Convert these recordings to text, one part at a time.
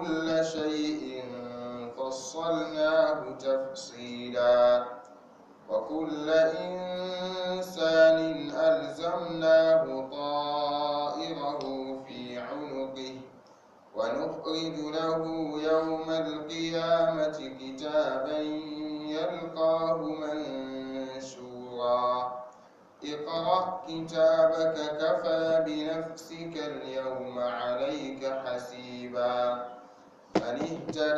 كل شيء فصلناه تفصيلا وكل إنسان ألزمناه طائره في عنقه ونخرج له يوم القيامة كتابا يلقاه منشورا اقرأ كتابك كفى بنفسك اليوم عليك حسيبا من اهتدى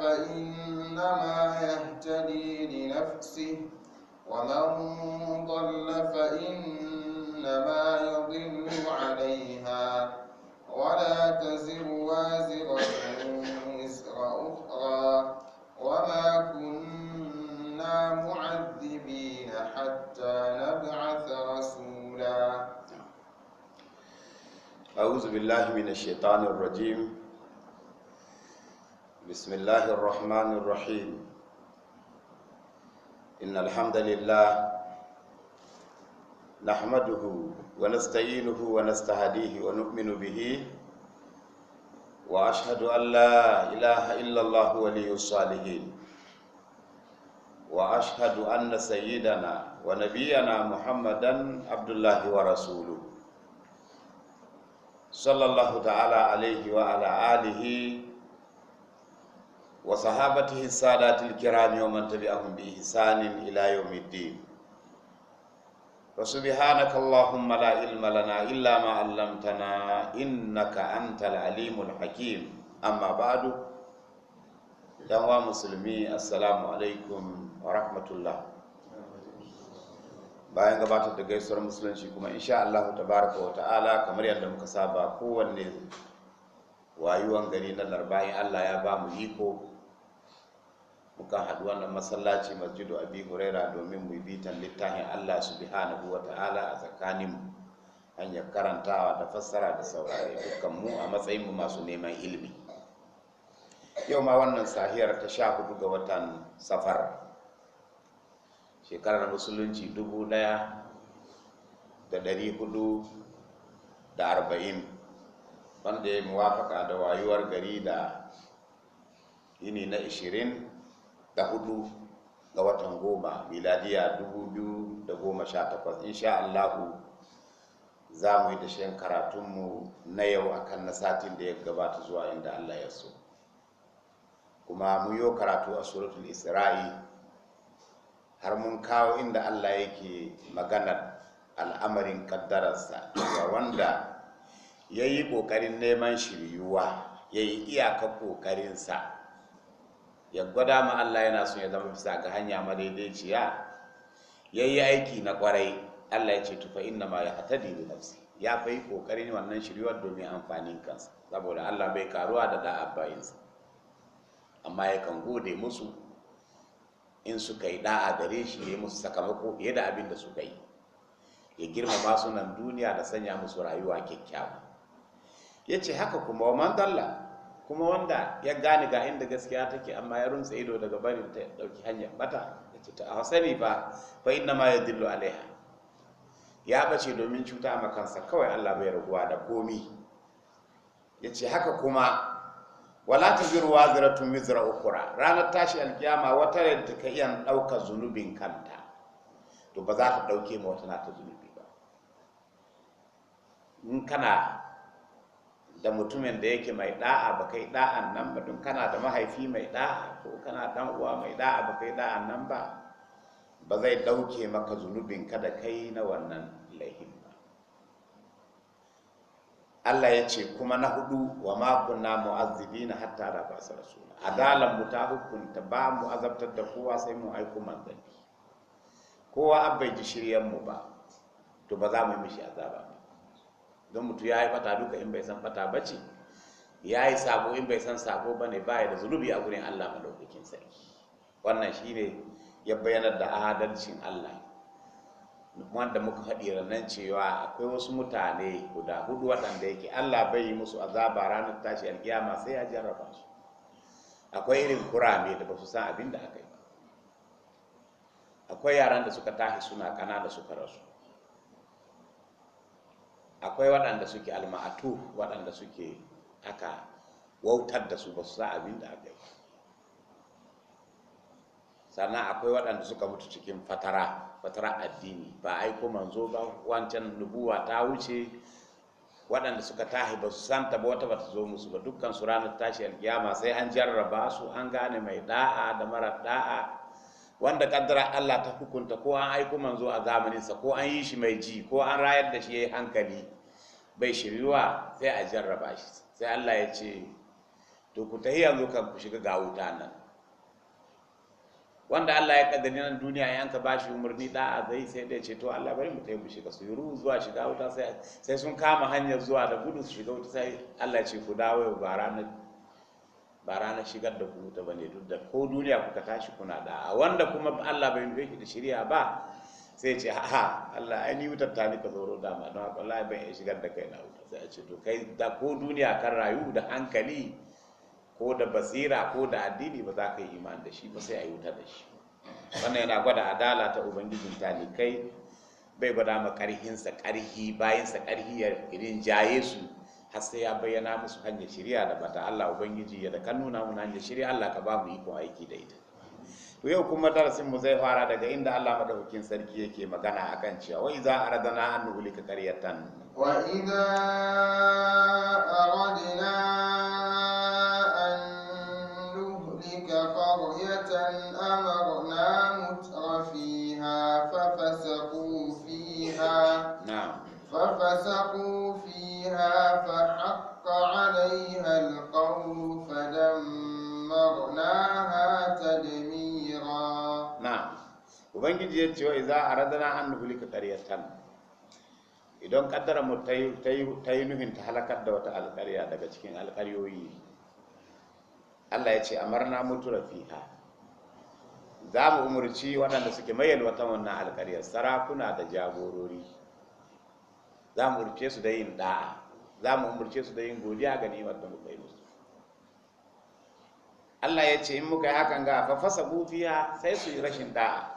فإنما يهتدي لنفسه ومن ضل فإنما يضل عليها ولا تزر وازرة وزر أخرى وما كنا معذبين حتى نبعث رسولا أعوذ بالله من الشيطان الرجيم بسم الله الرحمن الرحيم إن الحمد لله نحمده ونستعينه ونستهديه ونؤمن به وأشهد أن لا إله إلا الله ولي الصالحين وأشهد أن سيدنا ونبينا محمدا عبد الله ورسوله صلى الله تعالى عليه وعلى آله wa sahabatihi sadatil kirami wa man tabi'ahum bi ihsanin ila yawmiddin wa subhanaka allahumma la ilma lana illa ma 'allamtana innaka antal alimul hakim amma ba'du dan wa musulmi assalamu alaikum wa rahmatullah bayan gabatar da gaisuwar musulunci kuma insha Allah tabaraka wa ta'ala kamar yadda muka saba kowanne wayuwan gari na larbayin Allah ya ba mu iko Mukan haɗu wannan masallaci masjidu abi huraira domin mu bitan littafin allah subhanahu wa ta'ala a tsakaninmu hanyar karantawa da fassara da saurare dukkan mu a matsayin mu masu neman ilimi yau ma wannan sahiyar ta sha hudu ga watan safar shekarar musulunci dubu ɗaya da dari hudu da arba'in wanda ya yi muwafaka da wayuwar gari da yini na ishirin da hudu ga watan goma miladiya 2018 insha Allahu za mu yi da shayin karatunmu na yau akan na satin da ya gabata zuwa inda Allah ya so kuma mu yi karatu a suratul isra'i har mun kawo inda Allah yake maganar al'amarin kaddararsa ga wanda ya yi ƙoƙarin neman shiryuwa ya yi iyaka ƙoƙarinsa ya gwada ma Allah yana son ya zama bisa ga hanya madaidaiciya ya yi aiki na kwarai Allah ya ce tufa inna ma ya hatadi bi nafsi ya fa yi kokarin wannan shiryuwar domin amfanin kansa saboda Allah bai karuwa da da abbayinsa amma yakan gode musu in suka yi da'a gare shi ya yi musu sakamako fiye da abin da suka yi ya girmama su nan duniya da sanya musu rayuwa kyakkyawa ya ce haka kuma wa man kuma wanda ya gane ga inda gaskiya take amma ya runtse ido daga barin ta dauki hanyar bata yace ta hasani ba, fa inna ma yadillu alaiha ya bace domin cuta ma kansa kawai Allah bai raguwa da komi yace haka kuma wala taziru waziratun mizra ukura ranar tashi alkiyama wata da ka iya ɗauka zunubin kanta to ba za ta ɗauke ma wata nata zunubi ba in kana da mutumin da yake mai da'a ba kai da'an nan ba don kana da mahaifi mai da'a ko kana dan uwa mai da'a ba kai da'an nan ba ba zai dauke maka zunubin ka da kai na wannan laihin ba Allah ya ce kuma na hudu wa ma kunna mu'azzibina hatta da ba su rasula adalan mu ta hukunta ba mu azabtar da kowa sai mu aiko manzanni kowa abbai ji shiryan mu ba to ba za mu yi mishi azaba don mutum ya yi fata duka in bai san fata ba ce ya yi sabo in bai san sabo ba ne ba ya da zunubi a gurin Allah maɗaukakin sarki wannan shi ne ya bayyana da adalcin Allah wanda muka faɗi ranar cewa akwai wasu mutane guda hudu waɗanda yake Allah bai yi musu azaba ranar tashi alkiyama sai ya jarraba su akwai irin kurame da ba su san abin da aka yi akwai yaran da suka tashi suna kana da suka rasu akwai waɗanda suke alma'atu waɗanda suke aka wautar da su ba su sa abin da aka yi sannan akwai waɗanda suka mutu cikin fatara fatara addini ba aiko manzo ba wancan nubuwa ta wuce waɗanda suka tahi ba su santa ba wata bata zo musu ba dukkan su ranar tashi alkiyama sai an jarraba su an gane mai da'a da mara da'a wanda kaddara Allah ta hukunta ko an aiko manzo a zamaninsa ko an yi shi mai ji ko an rayar da shi ya yi hankali bai shiriwa sai a jarraba shi sai Allah ya ce to ku tahi yanzu kan ku shiga ga wuta nan wanda Allah ya kaddari nan duniya ya yanka bashi umarni da a zai sai da ce to Allah bari mu tayi mu shiga su yuru zuwa shiga wuta sai sun kama hanyar zuwa da gudu su shiga wuta sai Allah ya ce ku dawo ba ranar ba ranar shigar da ku ta bane duk da ko duniya kuka tashi kuna da wanda kuma Allah bai nufe da shirya ba sai ce ha Allah ai ni wutar ta nika zoro da ma don haka wallahi bai shigar da kai na wuta sai a ce to kai da ko duniya kan rayu da hankali ko da basira ko da addini ba za ka yi imani da shi ba sai a wuta da shi wannan yana gwada adala ta ubangijin kai bai gwada ma karhinsa karhi bayansa karhi ya rinjaye su har ya bayyana musu hanyar shirya da bata Allah ubangiji ya da kan nuna mu hanyar shirya Allah ka ba mu iko aiki da ita to yau kuma darasin mu zai fara daga inda Allah madaukakin sarki yake magana akan cewa za a aradana an nuhlika qaryatan wa idza aradna an nuhlika qaryatan amarna mutrafiha fa fasaqu fiha na'am fa fasaqu fiha بها فحق عليها القول فدمرناها تدميرا نعم ubangiji ya ce za iza aradana an idan kaddara mu ta yi nuhin ta halakar da wata alƙarya daga cikin alƙaryoyi Allah ya ce amarna mutura fiha za mu umarci waɗanda suke wata wannan alƙaryar sarakuna da jagorori za mu rufe su da yin da'a za mu umurce su da yin godiya ga ni'imar da muka yi musu Allah ya ce in muka yi hakan ga fa fasa bufiya sai su yi rashin da'a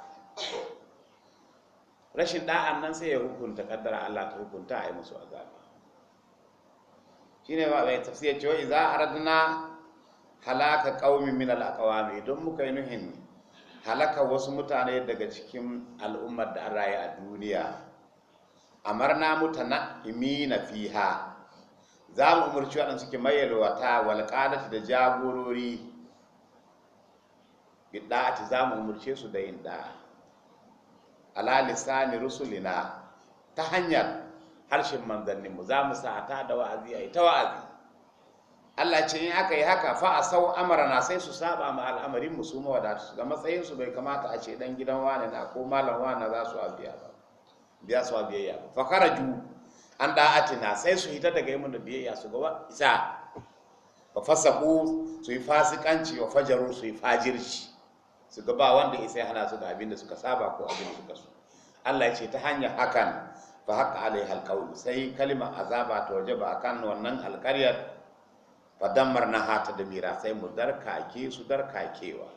rashin da'an nan sai ya hukunta kaddara Allah ta hukunta a yi musu azabi shine ba bai tafsir cewa a aradna halaka qaumin min al-aqwami don muka yi nuhin halaka wasu mutane daga cikin al'ummar da an rayu a duniya amarna mutanahimina fiha za mu umarci waɗanda suke mayarwa ta, qadati da jagorori bidda'ati za mu umarce su da yin da'a ala lisani rusulina ta hanyar harshen manzanninmu za mu sa ta da wa'azi a yi ta wa'azi Allah ce in aka yi haka fa a sau amara na sai su saba ma al'amarin su mawadatu ga matsayinsu bai kamata a ce dan gidan wane na ko malam wane za su abiya ba biya su biyayya fa ju an da na sai su hita daga yamma da biyayya su gaba isa ba fasaku su yi fasikanci wa fajaru su yi fajirci su gaba wanda isa hana su da abin da suka saba ko abin da suka so Allah ya ce ta hanyar hakan fa haka alai alqaul sai kalimar azaba ta waje ba kan wannan ba fa na hata da mira sai mu darkake su darkakewa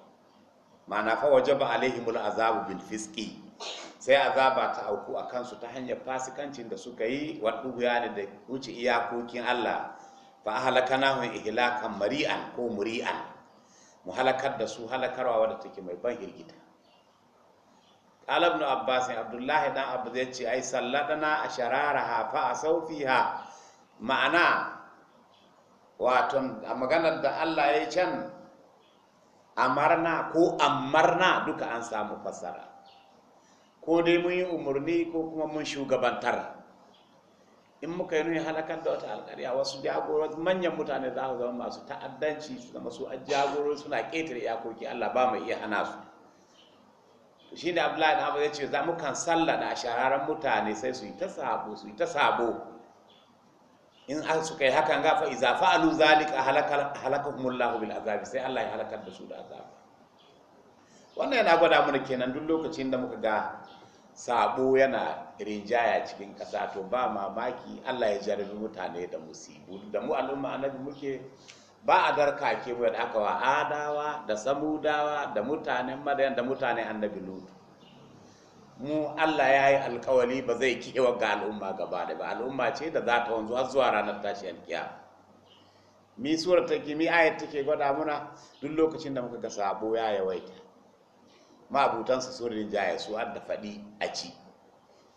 ma'ana fa waje ba alaihimul azabu bil fiski sai azaba ta auku a kansu ta hanyar fasikancin da suka yi wadda ne da wuce iyakokin Allah fa ahlakanahum ihlakan mari'an ko muri'an mu halakar da su halakarwa wadda take mai ban hirgita Alabnu Abbas Abdullahi dan Abu zai ce ai salladana a shararaha fa a ha. ma'ana waton a maganar da Allah ya yi can amarna ko amarna duka an samu fassara ko dai mun yi umarni ko kuma mun shugabantar in muka yi nuni halakar da wata alkariya wasu jagorori manyan mutane za su zama masu ta'addanci su zama su jagorori suna ƙetare iyakoki Allah ba mu iya hana su to shine Abdullahi da Abu ya ce za mu kan sallada shararan mutane sai su yi ta sabo su yi ta sabo in har suka yi hakan gafa iza fa'alu zalika halakahumullahu bil azabi sai Allah ya halakar da su da azaba wannan yana gwada mana kenan duk lokacin da muka ga sabo yana rinjaya cikin kasa to ba mamaki Allah ya jarabi mutane da musibu da mu al'umma annabi muke ba a darka ke mu da aka wa adawa da samudawa da mutanen madayan da mutanen annabi lutu mu Allah ya yi alkawali ba zai kewa ga al'umma gaba da ba al'umma ce da za ta wanzu har zuwa ranar tashi alkiyama mi surar take mi ayat take gwada muna duk lokacin da muka ga sabo ya yawaita ma'abutansu sun rinjaya su da faɗi a ci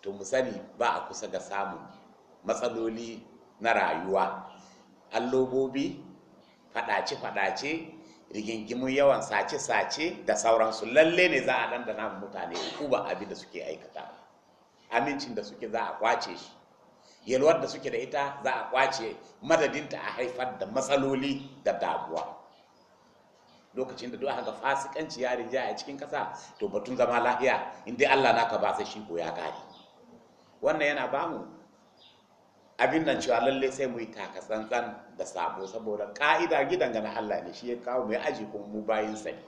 to mu sani ba a kusa ga samun matsaloli na rayuwa allobobi faɗace-faɗace rigingimun yawan sace-sace da sauransu lalle ne za a dandana mutane ba abin da suke aikata amincin da suke za a kwace shi yalwar da suke da ita za a kwace madadinta a haifar da matsaloli da damuwa lokacin da duk aka fasikanci ya rinja a cikin kasa to batun zama lafiya in dai Allah naka ba sai shi ko ya gari wannan yana ba mu abin nan cewa lalle sai mu yi taka tsantsan da sabo saboda ka'ida gidan ga na Allah ne shi ya kawo mai aji kuma mu bayin sa ne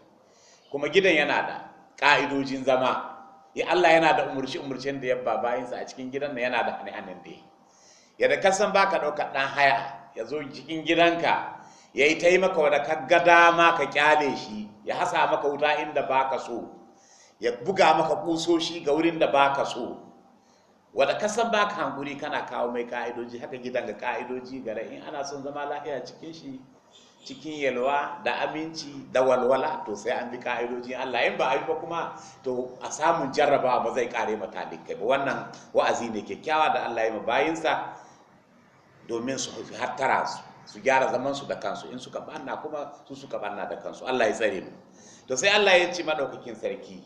kuma gidan yana da ka'idojin zama ya eh, Allah yana da umurci umurcin da yabba bayin sa a cikin gidan nan yana da hane hanen da ya da kasan baka ɗaukar ɗan haya ya zo cikin gidanka ya yi taimaka wadda ka gada ma ka kyale shi ya hasa maka wuta inda ba ka so ya buga maka kusoshi ga wurin da ba ka so wadda ka san ba ka hankuri kana kawo mai ka'idoji haka gidan ga ka'idoji gara in ana son zama lafiya cikin shi cikin yalwa da aminci da walwala to sai an bi ka'idojin Allah in ba a yi ba kuma to a samun jarrabawa ba zai kare matalikai ba wannan wa'azi ne kyakkyawa da Allah ya bayinsa domin su hattara su su gyara zaman su da kansu in suka banna kuma su suka banna da kansu Allah ya tsare mu to sai Allah ya ci madaukakin sarki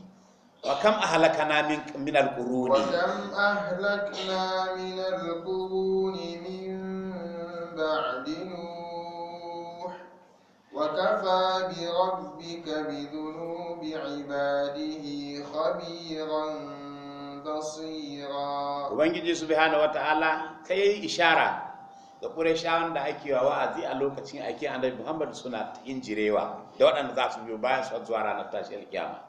wa kam ahlakana min min alquruni wa kam ahlakna min alquruni min ba'di nuh wa kafa bi rabbika bi dhunubi ibadihi khabiran basira ubangiji subhanahu wataala kai ishara kura ƙurashawan da ake wa wa'azi a lokacin ake annabi muhammad suna injirewa da waɗanda za su biyo bayan su zuwa ranar tashi alƙiyama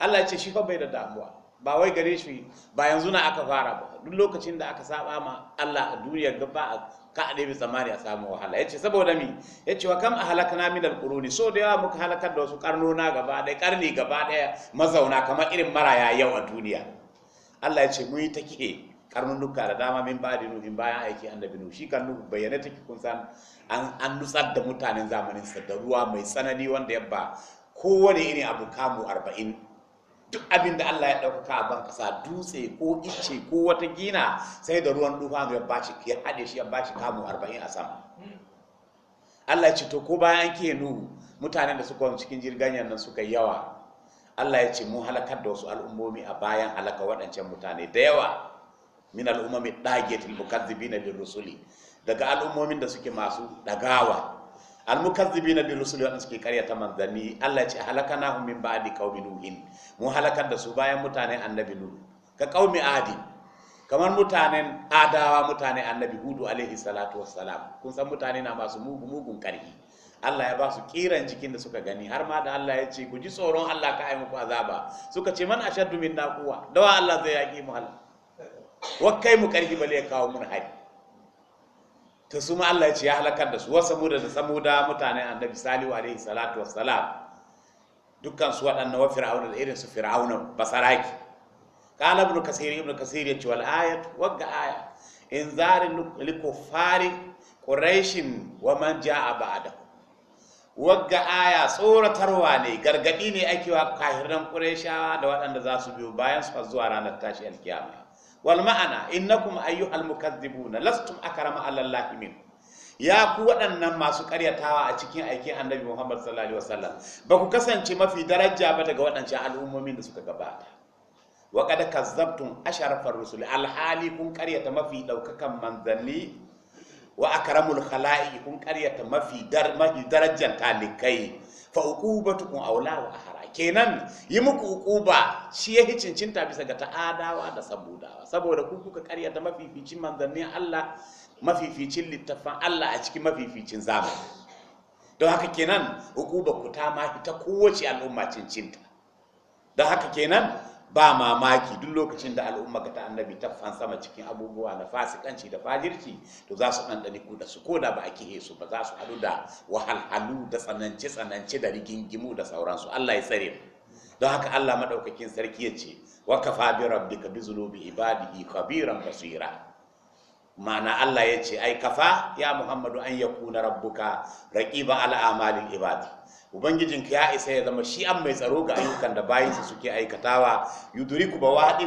allah ya ce shi fa bai da damuwa ba wai gare shi ba yanzu na aka fara ba duk lokacin da aka saba ma allah a duniya gaba a ka a ɗebi tsammani a samu wahala ya ce saboda mi ya ce wa kam a na min ƙuruni so da yawa muka halakar da wasu ƙarnona gaba ɗaya ƙarni gaba ɗaya mazauna kamar irin maraya yau a duniya allah ya ce mu yi ta take duka da dama min ba da nuhin bayan aiki annabi binu. shi kan nuhu bayyana take kun san an nutsar da mutanen zamanin sa da ruwa mai tsanani wanda ya ba kowane iri abu kamu arba'in duk abin da Allah ya ɗaukaka a ban kasa dutse ko icce ko wata gina sai da ruwan dufa ya bashi ya haɗe shi ya bashi kamu arba'in a sama Allah ya ce to ko bayan ke nuhu mutanen da suka cikin jirgin nan suka yawa Allah ya ce mun halakar da wasu al'ummomi a bayan halaka waɗancan mutane da yawa min al'umami dagetil mukazzibina bil rusuli daga al'ummomin da suke masu dagawa na bil rusuli wanda suke ta manzanni Allah ya ce halakanahum min ba'di qaumi nuhin mu halakar da su bayan mutanen annabi nuhu ka qaumi adi kamar mutanen adawa mutanen annabi hudu alaihi salatu wassalam kun san mutane na masu mugu mugun karhi Allah ya ba su kiran jikin da suka gani har ma da Allah ya ce ku ji tsoron Allah ka ai muku azaba suka ce man ashaddu minna quwwa dawa Allah zai yaki mu Allah wakai mu karfi bale ya kawo mun hari to su ma Allah ya ce ya halakar da su wa samuda da samuda mutanen annabi salihu alaihi salatu wassalam dukkan su waɗannan wa fir'auna da irin su fir'auna basaraki qala ibn kasir ibn kasir ya ce wal ayat wagga aya inzarin likufari quraishin wa man jaa ba'da wagga aya tsoratarwa ne gargadi ne ake wa kahiran quraishawa da waɗanda za su biyo bayan su zuwa ranar tashi alkiyama wal ma'ana innakum ayyuhal mukazzibuna lastum akrama alallahi min ya ku waɗannan masu karyatawa a cikin aikin annabi Muhammad sallallahu alaihi wasallam ba ku kasance mafi daraja ba daga waɗancan al'ummomin da suka gabata wa qad kazzabtum asharafar rusul alhali kun karyata mafi daukakan manzanni wa akramul khala'i kun karyata mafi darajar talikai fa uqubatukum aula wa kenan yi muku hukuba shi ya cinta bisa ga ta'adawa da sabudawa saboda ku kuka karya karyata mafificin manzannin Allah mafificin littafan Allah a cikin mafificin zamani don haka kenan hukuba ku ta mafi ta kowace al'umma cincinta don haka kenan ba mamaki duk lokacin da al'umma ga ta annabi ta sama cikin abubuwa na fasikanci da fajirci to za su ɗanɗani ku da su ko da ba a kihe su ba za su haɗu da wahalhalu da tsanance tsanance da rigingimu da sauransu Allah ya tsare mu don haka Allah maɗaukakin sarki ya ce wa kafa bi rabbika bi zunubi ibadihi khabiran basira ma'ana Allah ya ce ai kafa ya Muhammadu an ya kuna rabbuka raqiba ala amalil ibadi ka ya isa ya zama shi an mai tsaro ga ayyukan da su suke aikatawa yudriku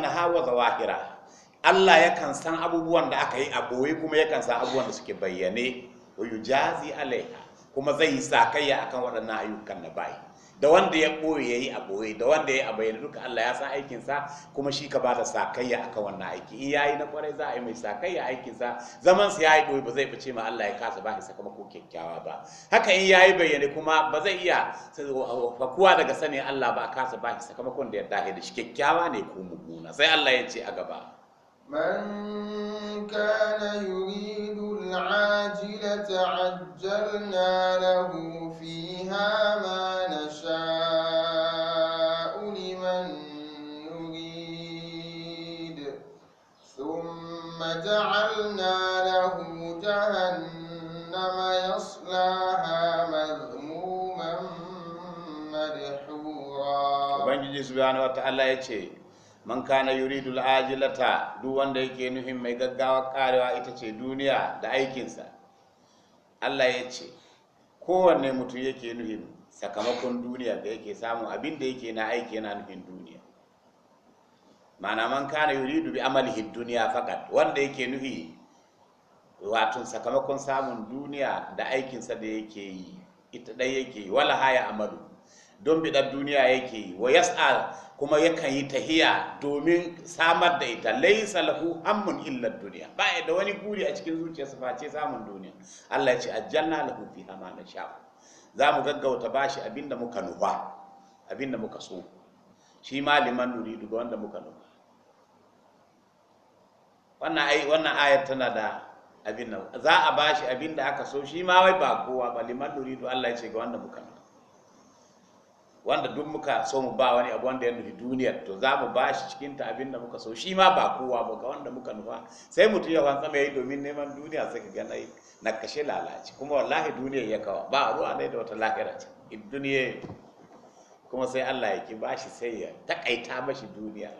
na hawa wahira Allah yakan san abubuwan da aka yi a boye kuma yakan san abubuwan da suke bayyane wa yujazi alaiha kuma zai yi sakayya akan waɗannan ayyukan da bayi da wanda ya ɓoye ya yi a ɓoye da wanda ya yi a bayyana duka Allah ya san aikinsa kuma shi ka ba da sakayya akan wannan aiki in ya yi na kwarai za a yi mai sakayya aikinsa zaman sa ya yi ɓoye ba zai fice ma Allah ya kasa ba isa kuma ko kyakkyawa ba haka in ya yi bayyane kuma ba zai iya fakuwa daga sani Allah ba a kasa ba isa sakamakon da ya dahe da shi kyakkyawa ne ko mummuna sai Allah ya ce a gaba من كان يريد العاجلة عجلنا له فيها ما نشاء لمن نريد ثم جعلنا له جهنم يصلاها مذموما مدحورا man kana yuridu al-ajilata duk wanda yake nufin mai gaggawa karewa ita ce duniya da aikinsa Allah ya ce kowanne mutum yake nufin sakamakon duniya da yake samu abin da yake na aiki yana nufin duniya ma'ana man kana yuridu bi amalihi duniya fakat wanda yake nufi wato sakamakon samun duniya da aikinsa da yake yi ita dai yake yi wala haya amalu don bidan duniya yake yi wa yas'a kuma yakan yi tahiya domin samar da ita laisa lahu hammun illa duniya ba da wani guri a cikin zuciyarsa face samun duniya Allah ya ce ajjalna lahu fi ma nasha za mu gaggauta bashi abinda muka nufa abinda muka so shi maliman nuri ga wanda muka nufa wannan ai wannan ayar tana da abin za a bashi abinda aka so shi ma wai ba kowa ba liman nuridu Allah ya ce ga wanda muka nufa wanda duk muka so mu ba wani abu wanda ya nufi duniya, to za mu ba shi cikin ta abin da muka so shi ma ba kowa ba ga wanda muka nufa sai mutum ya fansa mai domin neman duniya sai ka gana na kashe lalace kuma wallahi duniya ya kawa ba ruwa ne da wata lahira ce in duniya kuma sai Allah ya ki ba shi sai ya takaita mashi duniya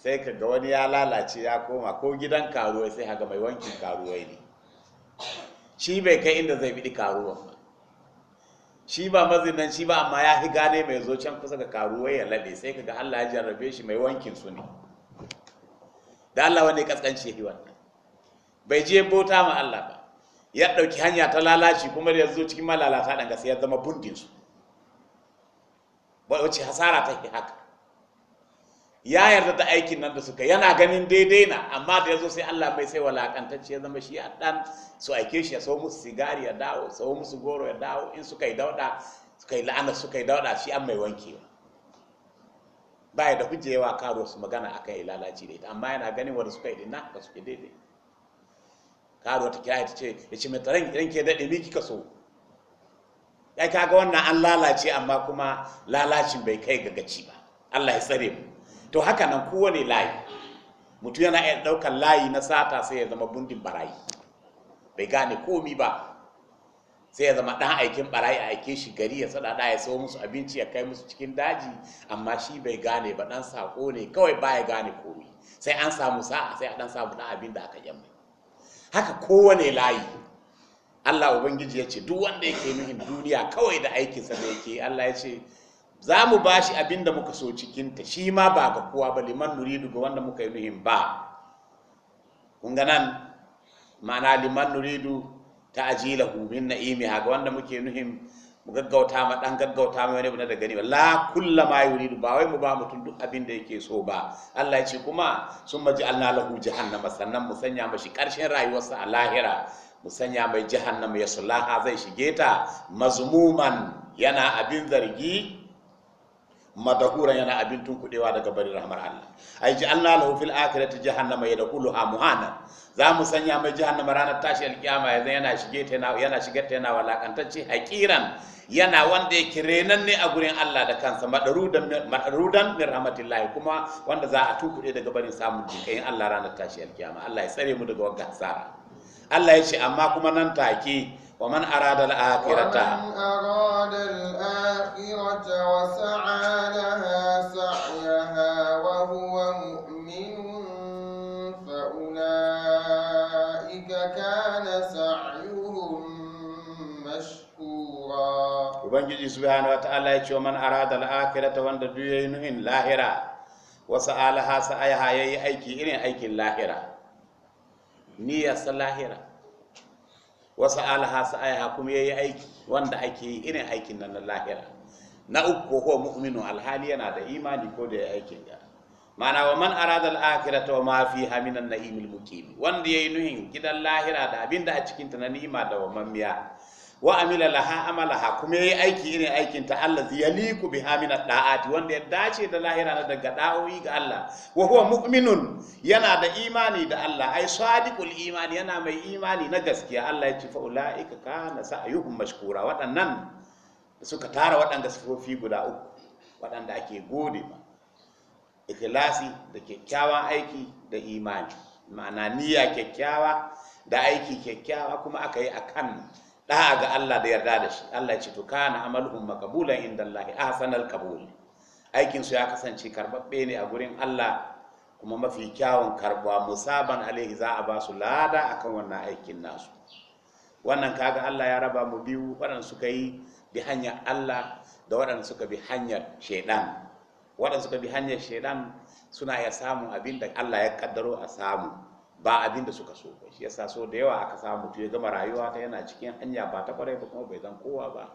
sai ka ga wani ya lalace ya koma ko gidan karuwai sai haga mai wankin karuwai ne shi bai kai inda zai biɗi karuwan ba shi ba mazinan shi ba amma ya fi gane mai zo can kusa ga karuwa ya labe sai ka ga Allah ya jarrabe shi mai wankin su ne da Allah wani kaskanci wannan bai je bauta ma Allah ba ya ɗauki hanya ta lalaci kuma da ya zo cikin malalata ɗan gasa ya zama bundin su wacce hasara ta haka ya yarda da aikin nan da suka yana ganin daidai na amma da yazo sai Allah bai sai walakantacce ya zama shi a dan su aike shi ya sau musu sigari ya dawo sau musu goro ya dawo in suka yi dauda suka yi la'ana suka yi dauda shi an mai wankewa ya da hujjewa karo su magana akan yi lalaci da ita amma yana ganin wanda suka yi dinna ba suke daidai karo ta kira ta ce ya ce mai tsaron ke daɗe ni kika so ya kaga wannan an lalace amma kuma lalacin bai kai ga gaci ba Allah ya tsare mu to haka nan kowane layi mutum yana iya ɗaukar layi na sata sai ya zama bundin barayi bai gane komi ba sai ya zama ɗan aikin barayi a aike shi gari ya sada ya sayo musu abinci ya kai musu cikin daji amma shi bai gane ba ɗan sako ne kawai ba ya gane komi sai an samu sa'a sai a ɗan samu ɗan abin da aka mai. haka kowane layi Allah Ubangiji ya ce duk wanda yake nuhin duniya kawai da aikinsa da yake Allah ya ce za mu ba shi abin da muka so cikinta shi ma ba ga kowa ba liman nuridu ga wanda muka yi nuhin ba kun ga nan ma'ana liman nuridu ta ajila min ga wanda muke nuhin mu gaggauta ma dan gaggauta ma wani na da gani la kulla ma yuridu ba wai mu ba mutum duk abin da yake so ba Allah ya ce kuma sun maji Allah lahu jahannama sannan mu sanya mashi karshen rayuwarsa a lahira mu sanya mai jahannama ya sulaha zai shige ta mazmuman yana abin zargi madahuran yana abin tun kudewa daga bari rahmar Allah ai ji Allah lahu fil akhirati jahannama ha muhana za mu sanya mai jahannama ranar tashi alkiyama yanzu yana shige ta yana yana shige ta yana walakantacce hakiran yana wanda yake renan ne a gurin Allah da kansa madarudan madarudan min rahmatillahi kuma wanda za a tunkuɗe daga barin samun jikai, Allah ranar tashi alkiyama Allah ya tsare mu daga wannan hasara Allah ya ce amma kuma nan take ومن أراد الآخرة ومن أراد الآخرة وسعى لها سعيها وهو مؤمن فأولئك كان سعيهم مشكورا وبنجي سبحانه وتعالى يقول من أراد الآخرة وند دينهن لاهرة وسعى لها سعيها يأي أيكي إلي أيكي اللاهرة نية اللاهرة wasu alaha aya kuma yayi aiki wanda ake yi irin aikin nan na lahira na uku ko mu'minu alhali yana da imani ko da ya aikin ya mana wa man arada al ta wa ma fiha min an wanda yayi nuhin gidan lahira da abinda a cikin ta na ni'ima da wa mamiya wa amila laha amalaha kuma yayi aiki irin aikin ta Allah yaliku biha min da'ati wanda ya dace da lahira na daga da'o'i ga Allah wa huwa mu'minun yana da imani da Allah ai sadiqul imani yana mai imani na gaskiya Allah ya ce fa ulaika kana sa'yuhum mashkura waɗannan suka tara waɗanda sifofi guda uku waɗanda ake gode ma ikhlasi da kyakkyawan aiki da imani ma'ana niyya kyakkyawa da aiki kyakkyawa kuma aka yi akan Da ga Allah da yarda da shi Allah ya ce to kana amaluhum maqbulan indallahi ahsanal qabul aikin su ya kasance karbabbe ne a gurin Allah kuma mafi kyawun karbuwa musaban alaihi za a ba su lada akan wannan aikin nasu wannan kaga Allah ya raba mu biyu waɗanda suka yi bi hanyar Allah da waɗanda suka bi hanyar shaidan waɗanda suka bi hanyar shaidan suna ya samun abin da Allah ya kaddaro a samu ba abin da suka so ba shi yasa so da yawa aka samu mutum ya gama rayuwa ta yana cikin hanya ba ta kwarai ba kuma bai zan kowa ba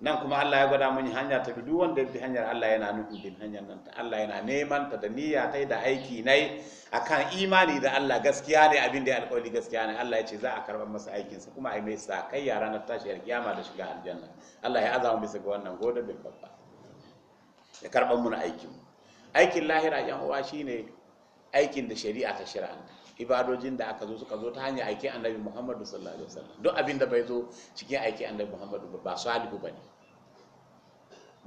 nan kuma Allah ya gwada mun hanya ta bi duk wanda bi hanyar Allah yana nufi bin hanyar nan ta Allah yana neman ta da niyya ta da aiki nai akan imani da Allah gaskiya ne abin da ya alƙawari gaskiya ne Allah ya ce za a karɓar masa aikin sa kuma a mai sa kai yara na tashi kiyama da shiga aljanna Allah ya azama bisa ga wannan goda bin babba ya karɓar mun aikin aikin lahira yan uwa shine aikin da shari'a ta shari'a ibadojin da aka zo suka zo ta hanyar aikin annabi muhammadu sallallahu alaihi wasallam duk abin da bai zo cikin aikin annabi muhammadu ba salihu ba ne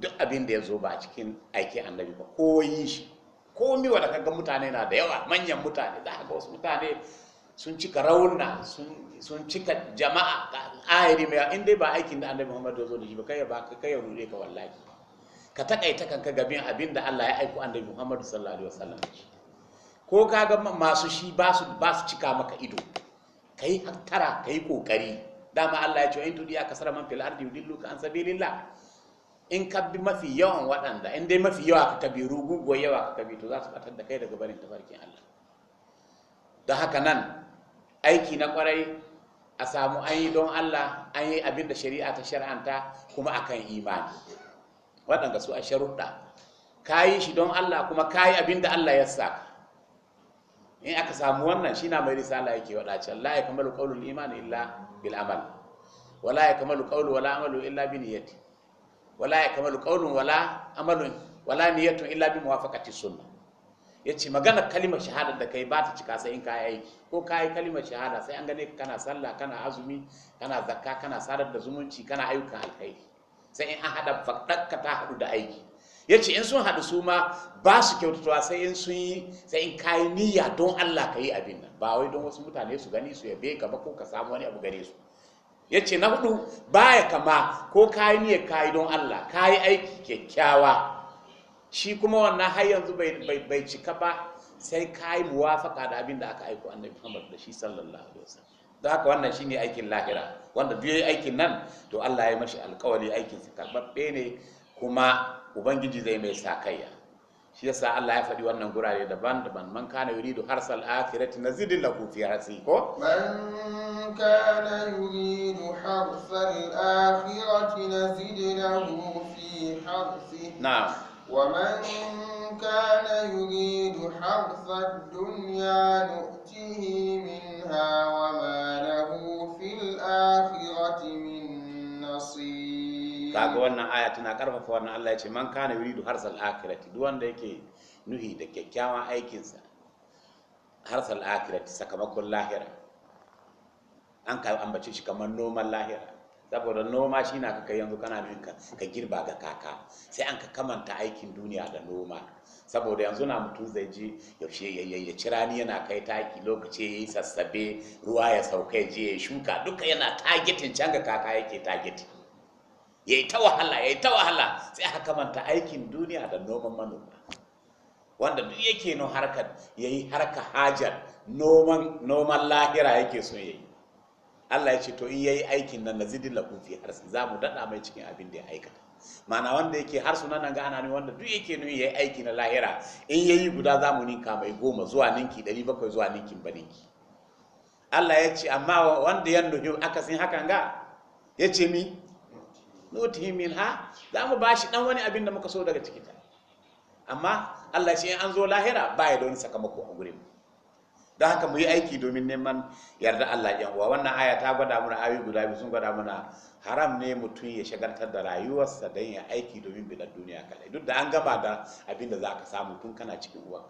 duk abin da ya zo ba cikin aikin annabi ba ko yi shi Ko mi wa daga mutane na da yawa manyan mutane da haka wasu mutane sun cika rauna sun cika jama'a ayari mai in dai ba aikin da annabi muhammadu ya zo da shi ba kai ya baka kai ya rure ka wallahi ka takaita kanka gabin abin da Allah ya aiko annabi muhammadu sallallahu alaihi wasallam da shi ko kaga masu shi ba su cika maka ido kai hattara kai kokari dama Allah ya ce in tudi ya kasara man fil ardi yudilluka an sabilillah in ka bi mafi yawan waɗanda in dai mafi yawa ka tabi rugugo yawa ka tabi to za su batar da kai daga barin tafarkin Allah don haka nan aiki na kwarai a samu an yi don Allah an yi abin da shari'a ta shar'anta kuma akan imani waɗanda su a sharuɗa ka yi shi don Allah kuma ka yi abin da Allah ya saka in aka samu wannan shi na mai risala yake wada can la ya kamalu qawlul imanin illa bil amal wala ya kamalu qawlu wala amalu illa bi niyyati wala ya kamalu qawlun wala amalu wala niyyatun illa bi muwafaqati sunnah yace magana kalimar shahada da kai ba ta cika sai in ka aiki ko ka yi kalimar shahada sai an gane kana sallah kana azumi kana zakka kana sadar da zumunci kana ayyukan alkhairi sai in an hada fadakka ta hadu da aiki ya ce in sun haɗu su ma ba su kyautatawa sai in sun yi sai in kayi niyya don Allah ka yi abin nan ba wai don wasu mutane su gani su yabe ka ba ko ka samu wani abu gare su ya ce na hudu baya kama ko kayi niyya kayi don Allah kayi aiki kyakkyawa shi kuma wannan har yanzu bai cika ba sai kayi muwafaka da abin da aka aiko annabi Muhammad da shi sallallahu alaihi wasallam don haka wannan shine aikin lahira wanda duk yayi aikin nan to Allah ya mashi alƙawari aikin sa karɓaɓɓe ne kuma ubangiji zai mai sakayya shi yasa Allah ya faɗi wannan gurare daban-daban man kana yuridu harsal akhirati nazid lahu fi harsi ko man kana yuridu harsal akhirati nazid lahu fi harsi na'am wa man kana yuridu harsad dunya nu'tihi minha wa ma lahu fil akhirati min nasib kaga wannan aya tana karfafa wannan Allah ya ce man kana yuridu harsal akhirati duk wanda yake nuhi da kyakkyawan aikinsa harsal akhirati sakamakon lahira an ka ambace shi kamar noman lahira saboda noma shi na kaka yanzu kana bin ka girba ga kaka sai an ka kamanta aikin duniya da noma saboda yanzu na mutum zai je yaushe ya ci rani yana kai taki lokaci ya yi sassabe ruwa ya sauka ya je ya shuka duka yana tagetin can ga kaka yake tagetin ya yi ta wahala ya yi ta wahala sai aka kamanta aikin duniya da noman manoma wanda duk yake no harkar ya yi harka hajar noman lahira yake so ya yi Allah ya ce to in ya yi aikin nan na zidin lafufi har za mu daɗa mai cikin abin da ya aikata mana wanda yake har suna nan ga ana ne wanda duk yake nuni ya yi aiki na lahira in ya yi guda za mu ninka mai goma zuwa ninki ɗari bakwai zuwa ninkin ba ninki Allah ya ce amma wanda ya nuhi akasin hakan ga ya ce mi nutihi minha za mu shi ɗan wani abin da muka so daga ciki ta amma Allah shi an zo lahira ba ya da wani sakamako a gurin mu don haka mu yi aiki domin neman yarda Allah yan uwa wannan aya ta gwada mana ayoyi guda biyu sun gwada mana haram ne mutum ya shagartar da rayuwarsa don ya aiki domin bidan duniya kadai duk da an gama da abin da zaka samu tun kana cikin uwa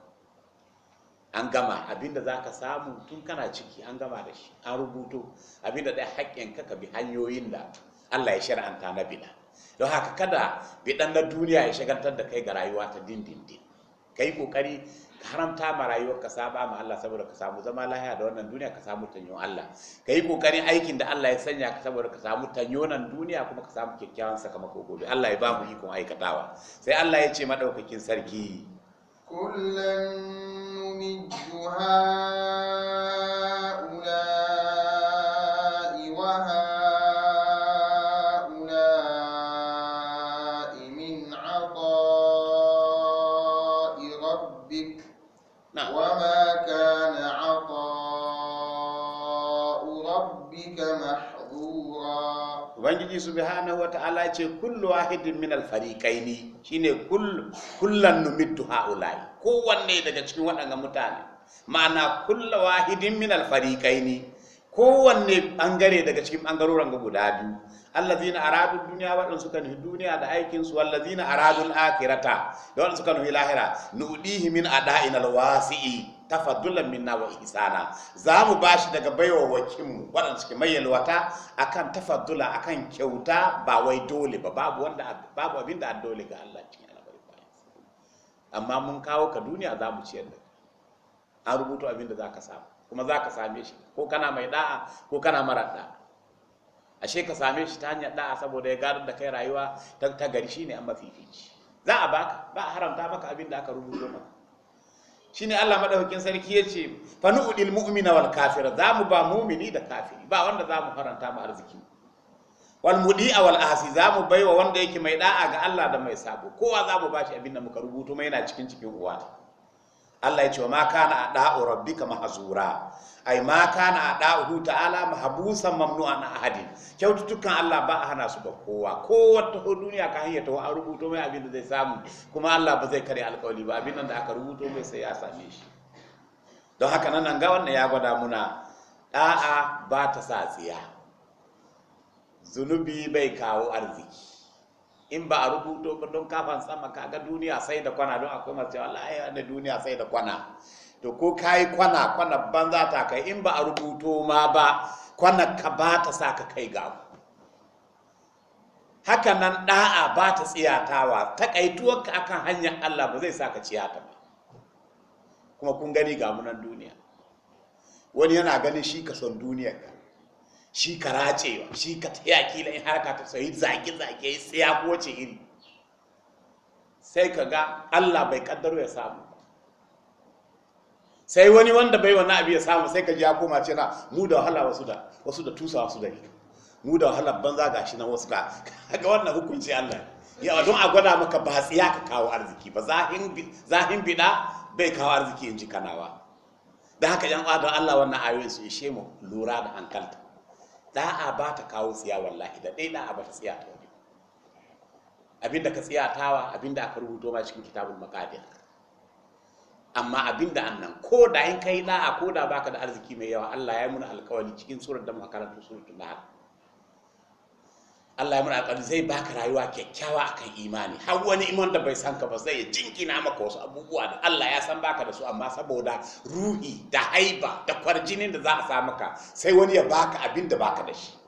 an gama abin da ka samu tun kana ciki an gama da shi an rubuto abinda da ɗaya haƙƙin ka ka bi hanyoyin da Allah ya shar'anta na bila don haka kada bidan na duniya ya shagantar da kai ga rayuwa ta dindindin ka yi kokari ka haramta ma rayuwar ka saba ma Allah saboda ka samu zama lahiya da wannan duniya ka samu tanyo Allah ka yi kokari aikin da Allah ya sanya ka saboda ka samu tanyo nan duniya kuma ka samu kyakkyawan sakamako gobe Allah ya ba mu ikon aikatawa sai Allah ya ce madaukakin sarki kullan numijju juha. ubangiji subhanahu wa ta'ala ce kullu wahidin min al fariqaini shine kullun kullan numiddu haula'i kowanne daga cikin waɗannan mutane ma'ana kullu wahidin min al fariqaini kowanne bangare daga cikin bangarorin ga guda biyu allazina aradu duniya waɗanda suka nufi duniya da aikin su wallazina aradu al-akhirata da waɗanda suka nufi lahira nudihi min ada'in al-wasi'i tafadulan minna wa ihsana za mu bashi daga baiwa wakinmu waɗanda suke mayyalwata akan tafadula akan kyauta ba wai dole ba babu wanda babu abin da dole ga Allah cikin al'amari amma mun kawo ka duniya za mu ciyar da an rubuto abin da za ka samu kuma za ka same shi ko kana mai da'a ko kana mara da'a ashe ka same shi ta hanyar da'a saboda ya gadar da kai rayuwa ta gari shine an mafifici za a baka ba a haramta maka abin da aka rubuto maka shine Allah maɗaukin sarki yace fa nu'dil mu'mina wal kafira za mu ba mu'mini da kafiri ba wanda za mu faranta mu arziki wal a wal ahsi za mu baiwa wanda yake mai ɗa'a ga Allah da mai sabo kowa za mu bashi abin da muka rubutu mai yana cikin cikin uwa. Allah ya ce wa ma kana da'u rabbika mahzura ai ma kana ada'u ta'ala mahbusan mamnu'an ahadin kyaututtukan Allah ba a hana su ba kowa kowa ta duniya ka hanya ta an rubuto mai abin da zai samu kuma Allah ba zai kare alƙawari ba abin da aka rubuto mai sai ya same shi don haka nan nan ga wannan ya gwada muna da'a ba ta sa tsiya zunubi bai kawo arziki in ba a rubuto ba don kafan sama ga duniya sai da kwana don akwai masu cewa Allah ya duniya sai da kwana to ko kayi kwana kwana banza ta kai in ba a rubuto ma ba kwana ka ba ta sa ka kai ga haka nan da'a ba ta tsiyatawa ka akan hanyar Allah ba zai sa ka ta ba kuma kun gani ga munan duniya wani yana ganin shi ka son duniyar shi ka racewa shi ka taya kila in haka ta sayi zage-zage sai ya kowace iri sai ka ga Allah bai kaddaro ya samu sai wani wanda bai wani abu ya samu sai ka ji ya koma ce na mu da wahala wasu da wasu da tusa wasu da mu da wahala banza ga shi na wasu ka ga wannan hukunci Allah ya don a gwada maka ba tsiya ka kawo arziki ba zahin bida bai kawo arziki in ji kanawa da haka yan uwa Allah wannan ayoyin su ishe mu lura da hankalta da'a ba ta kawo tsiya wallahi da ɗaya da'a ba ta tsiya ta wani abinda ka tsiya tsiyatawa abinda aka rubuto ma cikin kitabun maqadir amma abinda annan ko da in kai da'a ko da baka da arziki mai yawa Allah ya yi muna alkawari cikin surar da muka karanta suratul nahl Allah ya mura zai baka rayuwa kyakkyawa a kan imani har wani iman da bai san ka ba zai jinkina maka wasu abubuwa da Allah ya san baka da su amma saboda ruhi da haiba da kwarjinin da za a sa maka sai wani ya baka abin da baka da shi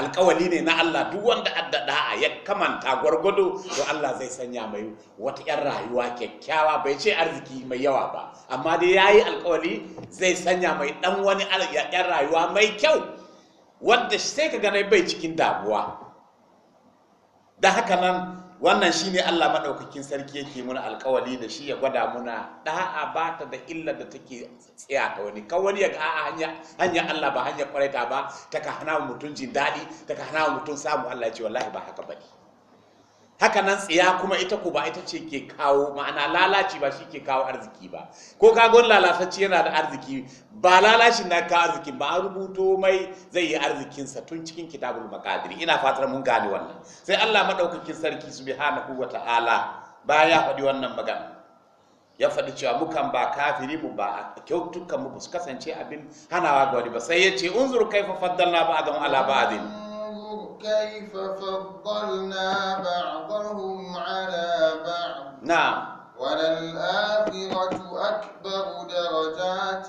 alkawali ne na Allah duk wanda addada ya kamanta gwargwado to Allah zai sanya mai wata 'yan rayuwa kyakkyawa bai ce arziki mai yawa ba amma dai yayi alkawali zai sanya mai dan wani 'yan rayuwa mai kyau wadda sai ka ganai bai cikin damuwa da haka nan wannan shi ne Allah maɗaukakin sarki yake muna alkawali da shi ya gwada muna ɗaa ba ta da illar da take tsaya ta wani kawai ya ga a'a Allah ba hanyar kwarai ta ba ta ka hana mutum jin daɗi ta ka hana mutum samu Allah ya ce wallahi ba haka ne haka nan tsiya kuma ita ko ba ita ce ke kawo ma'ana lalaci ba shi ke kawo arziki ba ko gon lalatacci yana da arziki ba lalacin na kawo arzikin ba an rubuto mai zai yi arzikinsa tun cikin kitabul makadiri ina fatar mun gane wannan sai Allah madaukakin sarki subhanahu ta'ala ba ya faɗi wannan magana ya faɗi cewa mukan ba kafiri mu ba kyautukan mu su kasance abin hanawa ga wani ba sai ya ce unzur kaifa faddalna ba'dhum ala ba'adin كيف فضلنا بعضهم على بعض نعم وللآخرة أكبر درجات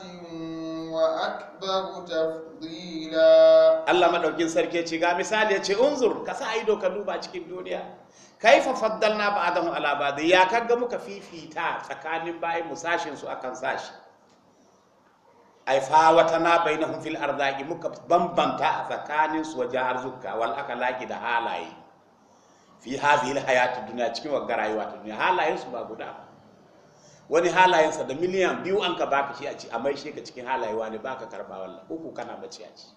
وأكبر تفضيلا الله ما دوكين سركي تشيغا مثال يتشي انظر كسا ايدو كدوبا cikin duniya kaifa faddalna ba'dahu ala ba'd ya kaga muka fifita tsakanin bayin musashin su akan sashi ai bai na fil arzaki, muka bambanta a tsakanin su wajen arzuka wal laki da halaye fi hadhihi hayatu duniya cikin wagga rayuwa ta duniya halayen su ba guda wani halayen sa da miliyan biyu an ka baka shi a ci amma shi ka cikin halayewa ne baka karba wallahi uku kana bace a ci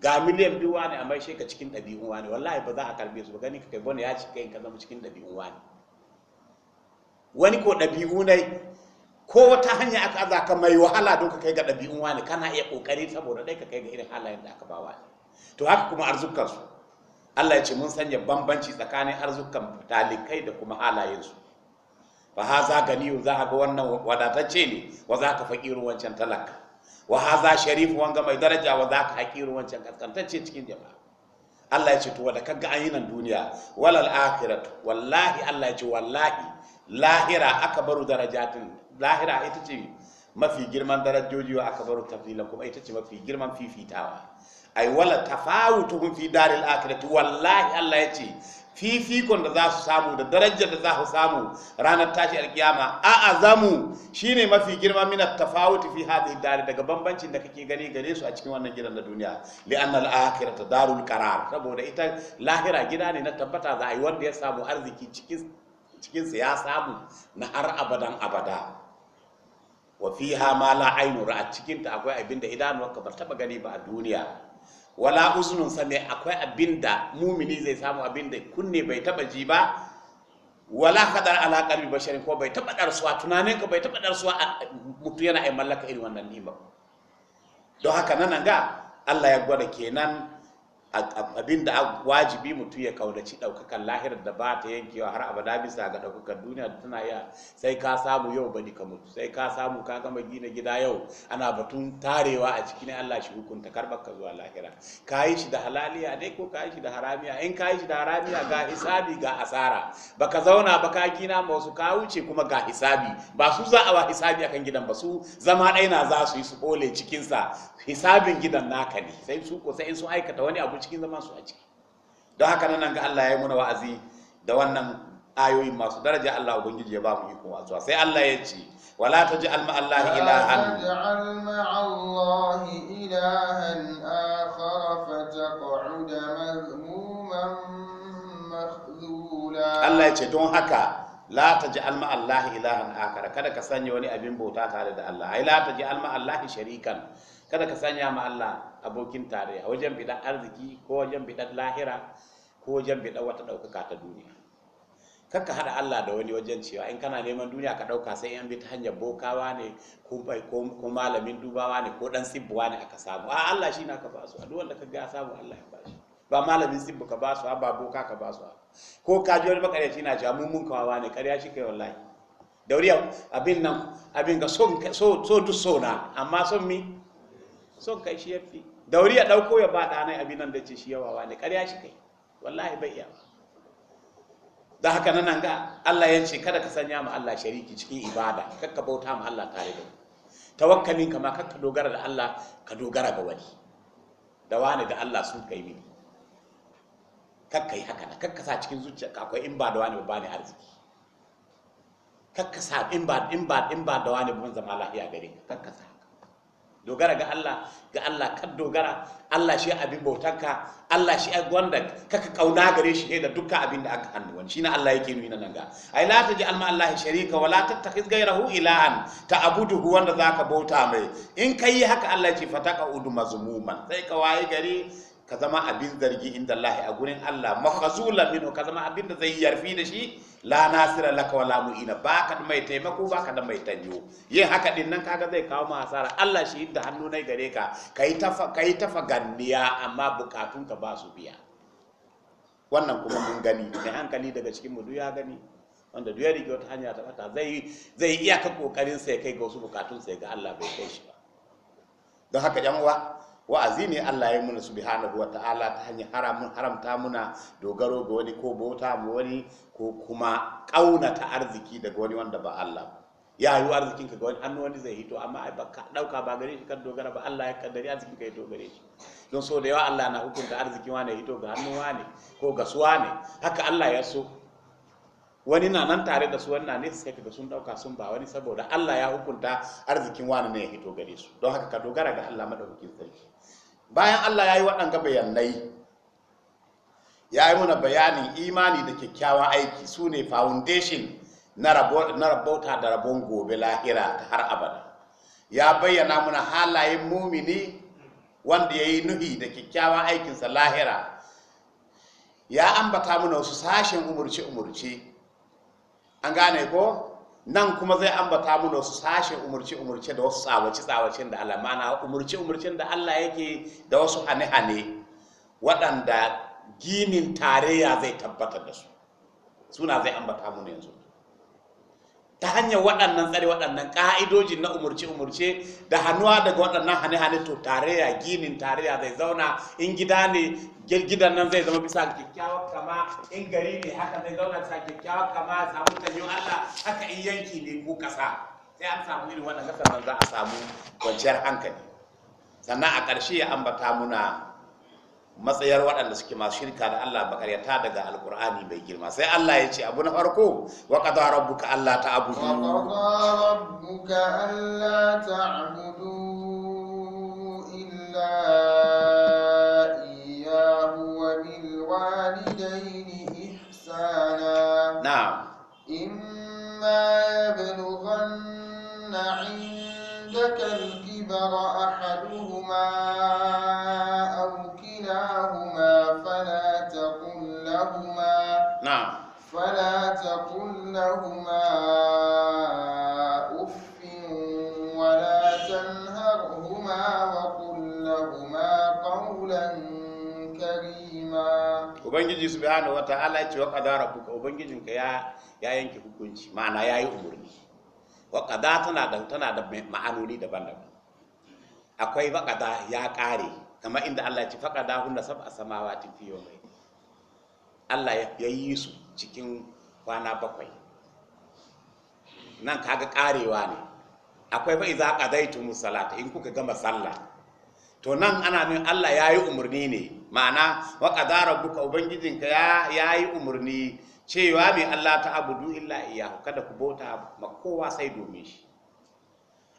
ga miliyan biyu wani amma shi ka cikin dabi'un wani wallahi ba za a karbe su ba gani ka kai bone ya ci kai ka zama cikin dabi'un wani wani ko dabi'u ne ko wata hanya aka aza ka mai wahala don ka kai ga ɗabi'un wani kana iya ƙoƙari saboda ɗai ka kai ga irin halayen da aka ba wani to haka kuma arzukansu Allah ya ce mun sanya bambanci tsakanin arzukan talikai da kuma halayensu fa haza ganiyun za ka ga wannan wadatacce ne wa za ka faƙiru wancan talaka wa haza sharif wanga mai daraja wa za ka haƙiru wancan kaskantacce cikin jama'a Allah ya ce to wanda kaga an yi nan duniya walal akhiratu wallahi Allah ya ce wallahi lahira akbaru darajatin lahira ita ce mafi girman darajoji wa baro tafdila kuma ita ce mafi girman fifitawa ai wala tafawutu fi daril akhirati wallahi Allah ya ce fifikon da za su samu da darajar da za su samu ranar tashi alkiyama a azamu shine mafi girma min tafawuti fi hadhihi dar daga bambancin da kake gani gare su a cikin wannan gidan na duniya li anna al akhirata darul qarar saboda ita lahira gida ne na tabbata za a yi wanda ya samu arziki cikin cikin sa ya samu na har abadan abada wa fiha ma la aynu ra'a cikin ta akwai abinda da idanuwanka ba taba gani ba a duniya wala uznun sami akwai abinda da mumini zai samu abinda kunne bai taba ji ba wala kadar ala qalbi basharin ko bai taba suwa tunanin ka bai taba suwa mutu yana ai mallaka irin wannan nima don haka nan ga Allah ya gwada kenan abin da wajibi mutum ya kaunaci ɗaukakan lahirar da ba ta yankewa har abada bisa ga ɗaukakar duniya da tana iya sai ka samu yau bani ka mutu sai ka samu ka gama gina gida yau ana batun tarewa a cikin Allah shi hukunta karbar ka zuwa lahira ka yi shi da halaliya dai ko ka yi shi da haramiya in ka yi shi da haramiya ga hisabi ga asara baka zauna ba ka gina ma wasu ka wuce kuma ga hisabi ba su za a wa hisabi akan gidan ba su zama ɗaya na za su yi su ɓole cikinsa hisabin gidan naka ne sai su ko sai sun aikata wani abu cikin zaman su a ciki don haka nan ga Allah ya yi muna wa'azi da wannan ayoyin masu daraja Allah ubangiji ya ba mu iko wasu sai Allah ya ce wala taj'al ma Allah ilahan taj'al ma Allah ilahan akhar fataq'uda mazmuman makhzula Allah ya ce don haka la taj'al ma Allah ilahan akhar kada ka sanya wani abin bauta tare da Allah ai la taj'al ma Allah sharikan kada ka sanya ma Allah abokin tare a wajen bidan arziki ko wajen bidan lahira ko wajen bidan wata ɗaukaka ta duniya kaka haɗa Allah da wani wajen cewa in kana neman duniya ka ɗauka sai an bi ta hanyar bokawa ne ko malamin dubawa ne ko ɗan sibbuwa ne aka samu a Allah shi na ka ba su a duk wanda ka ga samu Allah ya ba shi ba malamin sibbu ka ba su a, ba boka ka ba su a. ko ka ji wani makaryaci na cewa mun mun kawawa ne karya shi kai wallahi dauriya abin nan abin ga so so duk so na amma son mi son kai shi yafi da wuri ya dauko ya ba ɗanai abin nan da ce shi yawa ne. ƙarya shi kai wallahi bai iya da haka nan ga Allah ya ce kada ka sanya ma Allah shariki cikin ibada kakka bauta ma Allah tare da tawakkali kama kakka dogara da Allah ka dogara ga wani da wani da Allah sun kai mini kakka yi haka na kakka sa cikin zuciyarka akwai in ba da wani ba ne arziki kakka sa in ba in ba in ba da wani ban zama lafiya gare ka kakka sa dogara ga Allah ga Allah kan dogara Allah shi abin bautanka Allah shi wanda kaka kauna gare shi ne da dukkan abin da aka hannu wani shine Allah yake nuna nan ga ai la taji alma Allah sharika wala tattakhiz ghayrahu ilahan ta'buduhu wanda zaka bauta mai in kai haka Allah ce fataka udu mazmuman sai ka waye gari ka zama abin zargi inda Allah a gurin Allah makhazula minu ka zama abin da zai yarfi da shi la nasira laka la mu'ina baka da mai taimako baka da mai tanyo yin haka din nan kaga zai kawo ma hasara Allah shi inda hannu nai gare ka kai tafa kai tafa ganniya amma bukatun ka ba su biya wannan kuma mun gani mai hankali daga cikin mu ya gani wanda duk ya rike wata hanya ta bata zai zai iya ka kokarin sai kai ga wasu bukatun sa ga Allah bai kai shi ba don haka jama'a wa'azi ne Allah ya muna subhanahu ta'ala ta hanyar haramta muna dogaro ga wani ko bauta mu wani ko kuma kaunata arziki daga wani wanda ba Allah ba ya yi arzikin ka ga wani hannu wani zai hito amma ai baka dauka ba gare shi kan dogara ba Allah ya kaddari arzikin ka ya dogare shi don so da yawa Allah na hukunta arzikin wani ya hito ga hannu wani ko ga suwa ne haka Allah ya so wani na nan tare da su wani na ne sai kaga sun dauka sun ba wani saboda Allah ya hukunta arzikin wani ne ya hito gare su don haka ka dogara ga Allah madaukakin sarki bayan Allah ya yi waɗanga bayanai ya yi mana bayanin imani da kyakkyawan aiki sune ne foundation na rabauta da rabon gobe lahira ta har abada ya bayyana mana halayen mumini wanda ya yi nuhi da kyakkyawan aikinsa lahira ya ambata mana wasu sashen umurce-umurce an gane ko nan kuma zai ambata mana wasu sashe umurce-umurce da wasu tsawace-tsawacen da Allah mana umurce-umurcen da Allah yake da wasu hane-hane waɗanda ginin tarayya zai tabbatar da su suna zai ambata mana yanzu ta hanyar waɗannan tsari waɗannan ƙa'idoji na umurce-umurce da hannuwa daga waɗannan hane-hane to tarayya ginin tarayya zai zauna in gida ne gidan nan zai zama bisa kyakkyawar kama in gari ne haka zai zauna bisa kyakkyawar kama samu tanyo Allah haka in yanki ne ko ƙasa sai an samu irin waɗannan sannan za a samu kwanciyar hankali sannan a ƙarshe ya ambata muna matsayar waɗanda suke masu shirka da Allah bakaryata daga alkur'ani mai girma sai Allah ya ce abu na farko wa qada rabbuka alla ta'budu wa qada rabbuka alla ta'budu illa iyyahu wa bil walidayni ihsana na'am imma yablughanna 'indaka al-kibara ahaduhuma لهما أف ولا تنهرهما وقل لهما قولا كريما Ubangiji subhanahu wa ta'ala ya ce wa qada rabbuka ubangijinka ya ya yanke hukunci ma'ana yayi umurni wa qada tana da tana da ma'anoni daban-daban akwai wa qada ya kare kamar inda Allah ya ce faqada hunna sab'a samawati fi yawmayn Allah ya yi su cikin kwana bakwai nan kaga karewa ne akwai fa idza tunu salata in kuka gama sallah to nan ana nuna Allah ya yi umarni ne ma'ana wa qadara buka ubangijinka ya yi umarni cewa mai Allah ta abudu illa iyahu kada ku bauta ma kowa sai domin shi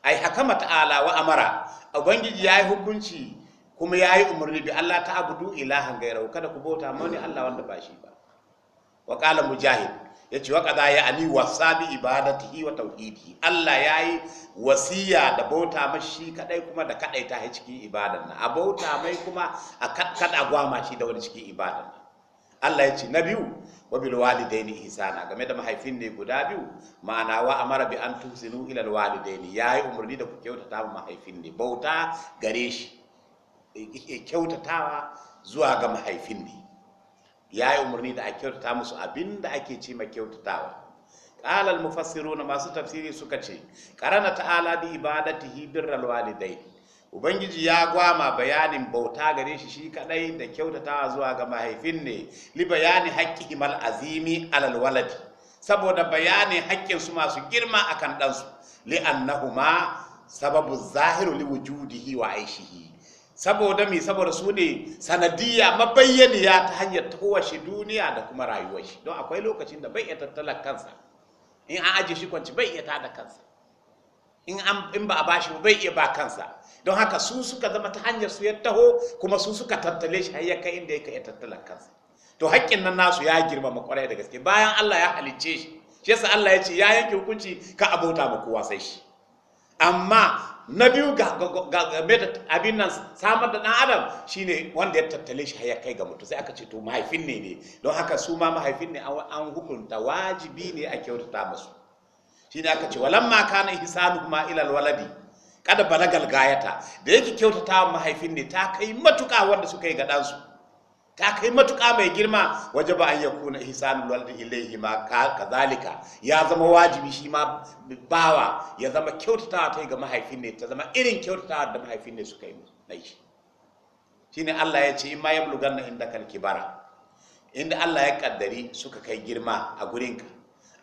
ai hakama ta'ala wa amara ubangiji yi hukunci kuma ya yi umarni bi Allah ta abudu ilahan gairahu kada ku bauta ma ne Allah wanda ba shi ba wa qala mujahid ya ce waƙada ya ani wasa bi ibadatihi wa tauhidi Allah ya yi wasiya da bauta mashi kadai kuma da kadai ta yi cikin ibadan na a bauta mai kuma a kada gwama shi da wani cikin ibadan Allah ya ce na biyu wa bil walidaini ihsana game da mahaifin ne guda biyu ma'ana wa amara bi an tuhsinu ila al walidaini yayi umarni da ku kyautata ma mahaifin ne bauta gare shi eh, eh, kyautatawa zuwa ga mahaifin ne ya yi umarni da a kyautata musu abin da ake ce ma kyautatawa ƙalal na masu tafsiri suka ce ƙarana ta'ala bi hibir ralwali walidai ubangiji ya gwama bayanin bauta gare shi shi kadai da kyautatawa zuwa ga mahaifin ne li bayani haqqihimal azimi alal saboda bayanin haƙƙin su masu girma akan ɗansu li annahuma sababu zahiru li wujudihi wa aishihi saboda mai saboda su ne sanadiyya mabayyaniya ta hanyar tahowa shi duniya da kuma rayuwar shi don akwai lokacin da bai iya tattalar kansa in an aje shi kwanci bai iya tada kansa in ba a bashi ba bai iya ba kansa don haka su suka zama ta hanyar su ya taho kuma su suka tattale shi har ya kai inda ya iya tattalar kansa to haƙƙin nan nasu ya girmama kwarai da gaske bayan Allah ya halicce shi shi yasa Allah ya ce ya yanke hukunci ka abota ma kowa sai shi amma na biyu ga abin nan samar da ɗan adam shine wanda ya tattale shi ya kai ga mutu sai aka ce to mahaifin ne ne don haka su ma mahaifin ne an hukunta wajibi ne a kyautata musu shine aka ce walamma kana ihsanu ma ilal waladi kada balagal gayata da yake kyautata mahaifin ne ta kai matuka wanda suka yi ga ɗansu ta kai matuka mai girma waje ba an na ihsanul waldi ilaihi ma kazalika ya zama wajibi shi ma bawa ya zama kyautatawa ta ga mahaifin ne ta zama irin kyautatawa da mahaifin ne suka yi mai shine Allah ya ce ya imma yablughanna indakal kibara inda Allah ya kaddari suka kai girma a gurinka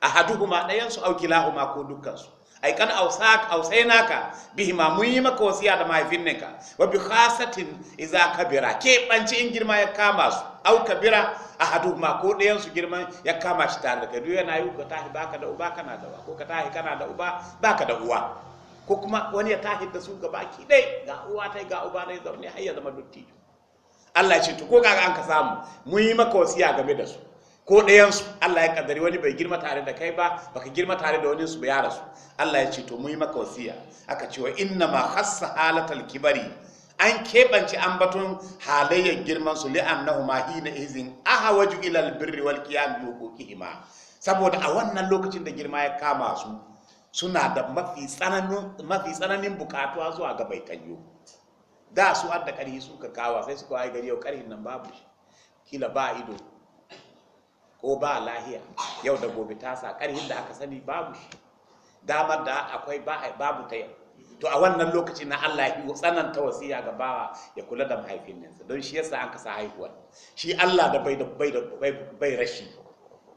ahaduhuma dayan su aukilahuma ko dukkan ai kan naka ausainaka bihima mun yi maka wasiya da mahaifinka wa bi khasatin idza kabira ke banci in girma ya kama su au kabira ahadu ma ko ɗayan su girman ya kama shi tare da kai duk yana yi ka tahi baka da uba kana da uba ko ka tahi kana da uba baka da uwa ko kuma wani ya tahi da su gaba ki dai ga uwa tai ga uba dai zaune har ya zama dutti Allah ya ce to ko ga an ka samu mun yi maka game da su ko ɗayansu Allah ya kaddari wani bai girma tare da kai ba baka girma tare da wani su ba ya rasu Allah ya ce to mu yi maka wasiya aka ce wa inna ma hassa halatal kibari an keɓance ambaton halayyar girman su li'annahu ma hina izin ahawaju ila albirri wal qiyam bi huquqihima saboda a wannan lokacin da girma ya kama su suna da mafi tsananin mafi tsananin zuwa ga baitayyo da su adda karhi suka kawa sai suka yi gari yau karhin nan babu shi kila ba ido ko ba lahiya yau da gobe ta sa ƙarhin da aka sani babu shi damar da akwai babu ta yau to a wannan lokaci na Allah ya tsananta wasiya ga bawa ya kula da mahaifin don shi yasa an kasa haihuwa shi Allah da bai bai bai rashi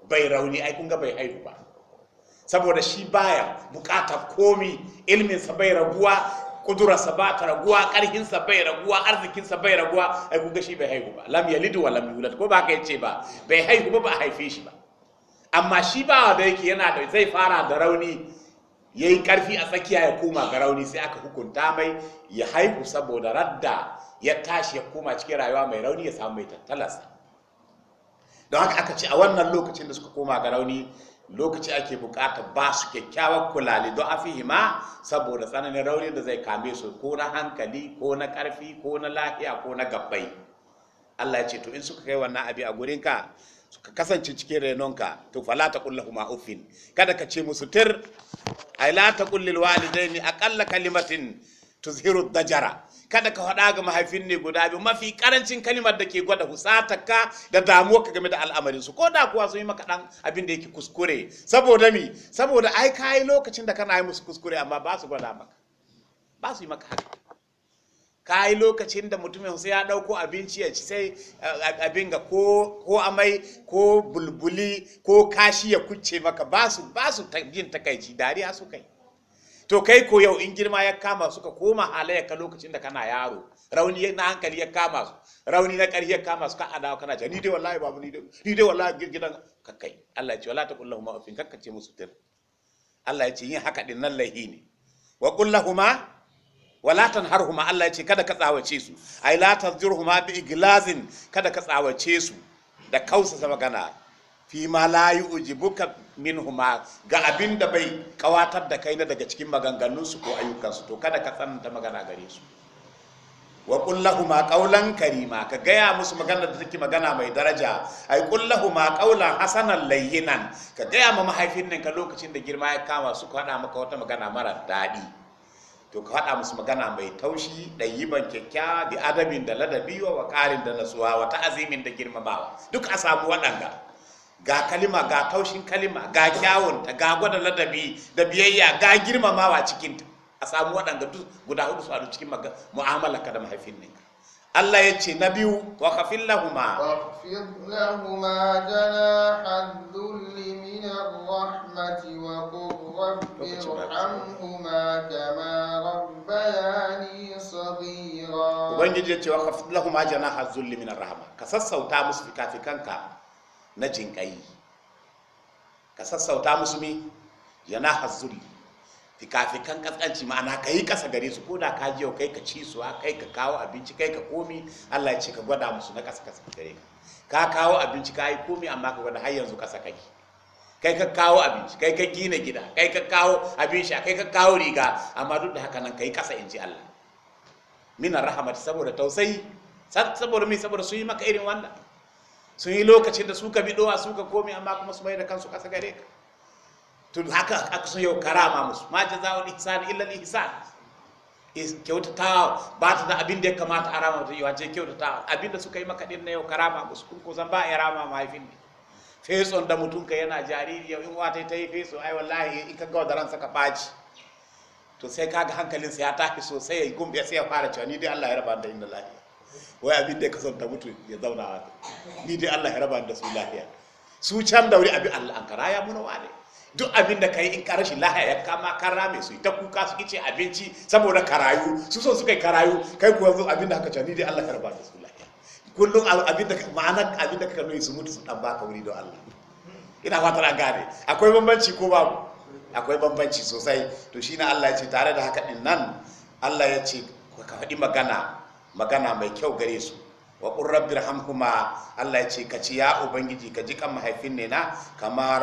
bai rauni ai kun ga bai haihu ba saboda shi baya bukatar komi ilmin sa bai raguwa kudurarsa ba ta raguwa karhinsa bai raguwa arzikinsa bai raguwa ai kun shi bai haihu ba lam yalidu wa lam yulad ko ba ka yace ba bai haihu ba ba haife shi ba amma shi ba da yake yana da zai fara da rauni yayi karfi a tsakiya ya koma ga rauni sai aka hukunta mai ya haihu saboda radda ya tashi ya koma cikin rayuwa mai rauni ya samu mai tattalasa. don haka aka ce a wannan lokacin da suka koma ga rauni lokaci ake bukata ba su kyakkyawar kulali don afihima saboda tsananin raunin da zai kame su ko na hankali ko na karfi ko na lafiya ko na gabbai Allah ya ce to in suka kai wannan abi a gurinka suka kasance cikin renonka to fala ta kulla kuma uffin kada ka ce musu tir ay la ta kullil walidaini aqalla kalimatin tuzhiru dajara kada ka faɗa ga mahaifin ne guda biyu mafi karancin kalimar da ke gwada ka da damuwa ka game da al'amarin su ko da kuwa sun yi maka dan abin da yake kuskure saboda mi saboda ai ka yi lokacin da kana yi musu kuskure amma ba su gwada maka ba su yi maka haka ka yi lokacin da mutumin sai ya ɗauko abinci ya ci sai eh, abin ga ko ko amai ko bulbuli ko kashi ya kucce maka ba su ba su jin takaici dariya su kai to kai ko yau in girma ya kama su ka koma halayya ka lokacin da kana yaro rauni na hankali ya kama su rauni na ƙarfi ya kama su ka dawa kana ce ni dai wallahi babu ni dai ni dai wallahi gidan kakai kai Allah ya ce wala taqul lahum afin kakace musu tir Allah ya ce yin haka din nan lahi ne wa qul lahuma wala tanharhuma Allah ya ce kada ka tsawace su ai la huma bi iglazin kada ka tsawace su da kausa magana fi ma buka min minhuma ga abin da bai kawatar da kai na daga cikin maganganunsu ko ayyukansu to kada ka tsananta magana gare su wa kullahuma qawlan karima ka gaya musu magana da take magana mai daraja ai kullahuma qawlan hasanan layyinan ka gaya ma mahaifin nan ka lokacin da girma ya kama su ka hada maka wata magana mara daɗi to ka hada musu magana mai taushi ɗayyiban kyakkya bi adabin da ladabi wa wakarin da nasuwa wa ta'azimin da girmamawa duk a samu waɗanda. ga kalima ga taushin kalima ga kyawunta ga gwada ladabi da biyayya ga girmamawa cikinta a samu waɗanda duk guda hudu su hadu cikin mu'amala ka da mahaifin ne Allah ya ce na biyu wa kafin lahuma rahmati wa rabbi ubangiji ya ce wa kafin lahuma jana hazzulli minar rahama ka sassauta musu kanka. na jinƙayi ka sassauta musu mi yana hazzuri fikafikan kaskanci ma'ana ka yi ƙasa gare su ko da ka ji kai ka ci su kai ka kawo abinci kai ka komi Allah ya ce ka gwada musu na ƙasa ƙasa gare ka ka kawo abinci ka yi komi amma ka gwada har yanzu ƙasa kai kai ka kawo abinci kai ka gina gida kai ka kawo abin sha kai ka kawo riga amma duk da haka nan ka yi ƙasa in ji Allah mina rahamati saboda tausayi saboda mi saboda su yi maka irin wannan sun yi lokacin da suka bi doa suka komi amma kuma su mai da kansu kasa gare ka to haka aka sun yau karama musu ma jazaa'ul ihsani illa al ihsan kyautatawa ba ta da abin da ya kamata a rama yi wace kyautatawa abin da suka yi maka din na yau karama musu kun ko zan ba yi rama mahaifin ne feson da mutum ka yana jariri yau in wata ta yi feso ai wallahi in ka ga wadaran saka baci to sai kaga hankalinsa ya tafi sosai ya gumbe sai ya fara cewa ni dai Allah ya raba da inda lahi wai abin da ya kasanta ta mutu ya zauna a ni dai Allah ya raba da su lafiya su can da wuri abin Allah an kara ya muna wane duk abin da kai in ka rashin lahiya ya kama kan rame su ta kuka su kice abinci saboda karayu su so su kai karayu kai kuwa zo abin da haka can ni dai Allah ya raba da su lahiya kullum abin da ma'ana abin da ka nuna su mutu su dan baka wuri don Allah ina fatar an gane akwai bambanci ko babu akwai bambanci sosai to shi na Allah ya ce tare da haka din nan Allah ya ce ka faɗi magana magana mai kyau gare su wa qur kuma Allah ya ce ka ci ya ubangiji ka ji kan mahaifin ne na kama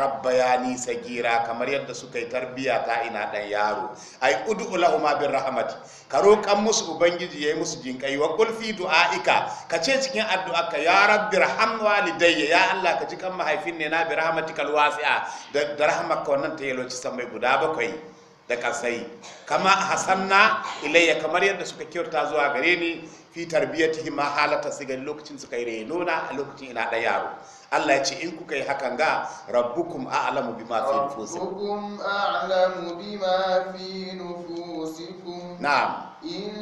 nisa sagira kamar yadda suka yi tarbiya ta ina dan yaro ai ud'u lahuma bin rahamati ka roƙan musu ubangiji ya yi musu jinkai wa ƙulfi du'aika ka ce cikin addu'a ka ya rabbi raham walidayya ya Allah ka ji kan mahaifin ne na bi rahmatikal wasi'a da ka wannan ta yi ci mai guda bakwai da kasai kama hasanna ilayya kamar yadda suka kyauta zuwa gare ni fi tarbiyatihi ma halata ga lokacin suka yi renona a lokacin ina da yaro Allah ya ce in kuka yi hakan ga rabbukum a'lamu bima fi nufusikum rabbukum a'lamu bima fi nufusikum na'am in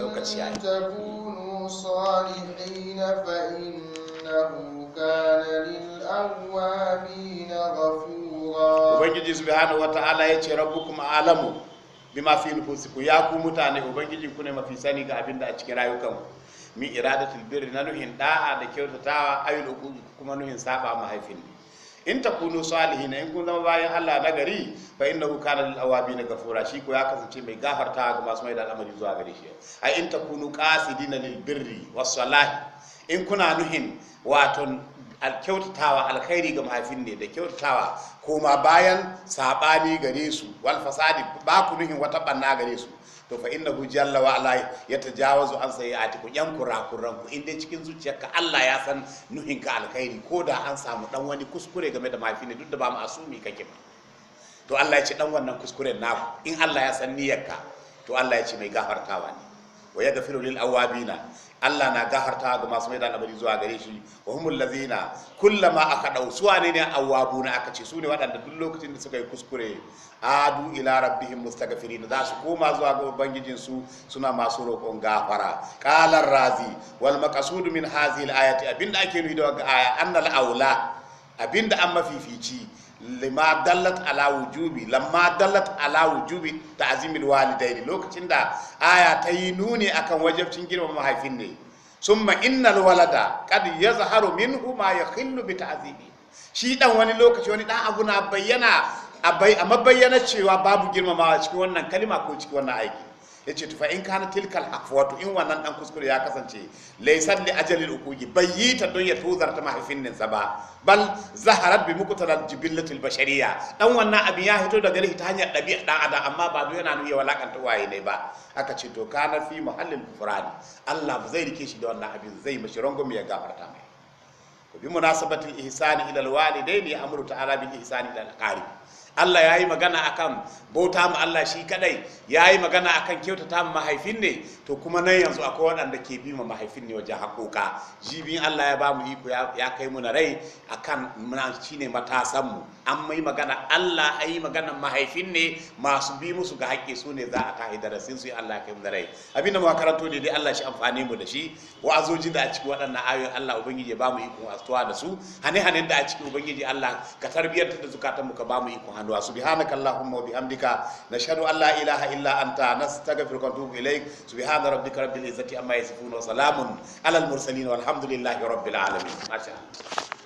salihin fa innahu kana lil awwabin ghafura ubangiji subhanahu wata'ala ya ce rabbukum a'lamu bima fi ku ya ku mutane ubangiji ku ne mafi sani ga abin da a cikin rayukanku mi iradatul birri na nuhin da'a da kyautatawa ayyul uqubi kuma nuhin saba mahaifin ne in kunu salihin in kun zama bayan Allah na gari fa innahu kana lil awabin gafura shi ko ya kasance mai gafarta ga masu mai da al'amari zuwa gare shi ai in ta kunu qasidina lil birri was salahi in kuna nuhin waton alkyautatawa alkhairi ga mahaifin ne da kyautatawa koma bayan saɓani gare su wal fasadi ba ku nuhin wata banna gare su to fa innahu jalla wa ala tajawazu an ku yan kuran ku inda cikin zuciyarka Allah ya san nuhin ka alkhairi ko da an samu dan wani kuskure game da mafi ne duk da ba mu asumi kake ba to Allah ya ce dan wannan kuskuren naku in Allah ya san niyyarka to Allah ya ce mai gafartawa ne wa yaghfiru lil awabina Allah na gaharta ga masu mai da al'amari zuwa gare shi wa lazina kullama aka dau suwa ne ne na aka ce su ne waɗanda duk lokacin da suka yi kuskure adu ila rabbihim mustaghfirin za su koma zuwa ga ubangijin su suna masu roƙon gafara qalar razi wal maqsud min al ayati abinda ake nufi da wannan aya annal aula abinda an mafifici lima dallat ala wujubi lamma dallat ala wujubi ta'zimil lokacin da aya ta yi nuni akan wajabcin girmama mahaifin ne summa innal walada qad yazharu minhu ma yakhillu bi ta'zimi shi dan wani lokaci wani dan abu na bayyana a mabayyana cewa babu girmamawa cikin wannan kalima ko cikin wannan aiki ya ce tufa in kana tilkal haqf wato in wannan dan kuskure ya kasance laysan li ajalil ukugi bai yi ta don ya ta mahaifin ninsa ba bal zaharat bi muqtalal jibillatil bashariya dan wannan abin ya hito daga ta hanyar dabi'a dan adam amma ba don yana nuna walakanta waye ne ba aka ce to kana fi muhallin furani Allah zai rike shi da wannan abin zai mashi rangwame ya gafarta mai bi munasabatil ihsani ila alwalidaini amru ta'ala bil ihsani ila alqarib Allah ya yi magana a kan bauta ma Allah shi kadai ya yi magana a kan kyautata ma mahaifin ne to kuma nan yanzu akwai waɗanda ke bi ma mahaifin ne wajen haƙoƙa jibin Allah ya ba mu iko ya kai mu na rai a kan muna shi ne matasanmu an mai magana Allah a yi magana mahaifin ne masu bi musu ga haƙƙi su ne za a kai sun su Allah ya kai mu na rai abinda mu karanto ne dai Allah shi amfane mu da shi wa'azoji da a cikin waɗannan ayoyin Allah ubangiji ya ba mu iko astuwa da su hane-hanen da a cikin ubangiji Allah ka tarbiyyar da zukatan mu ka ba mu iko hannuwa subhanaka allahumma wa bihamdika nashhadu an la ilaha illa anta nastaghfiruka wa natubu ilaik subhana rabbika rabbil izzati amma yasifun wa salamun alal mursalin walhamdulillahi rabbil alamin masha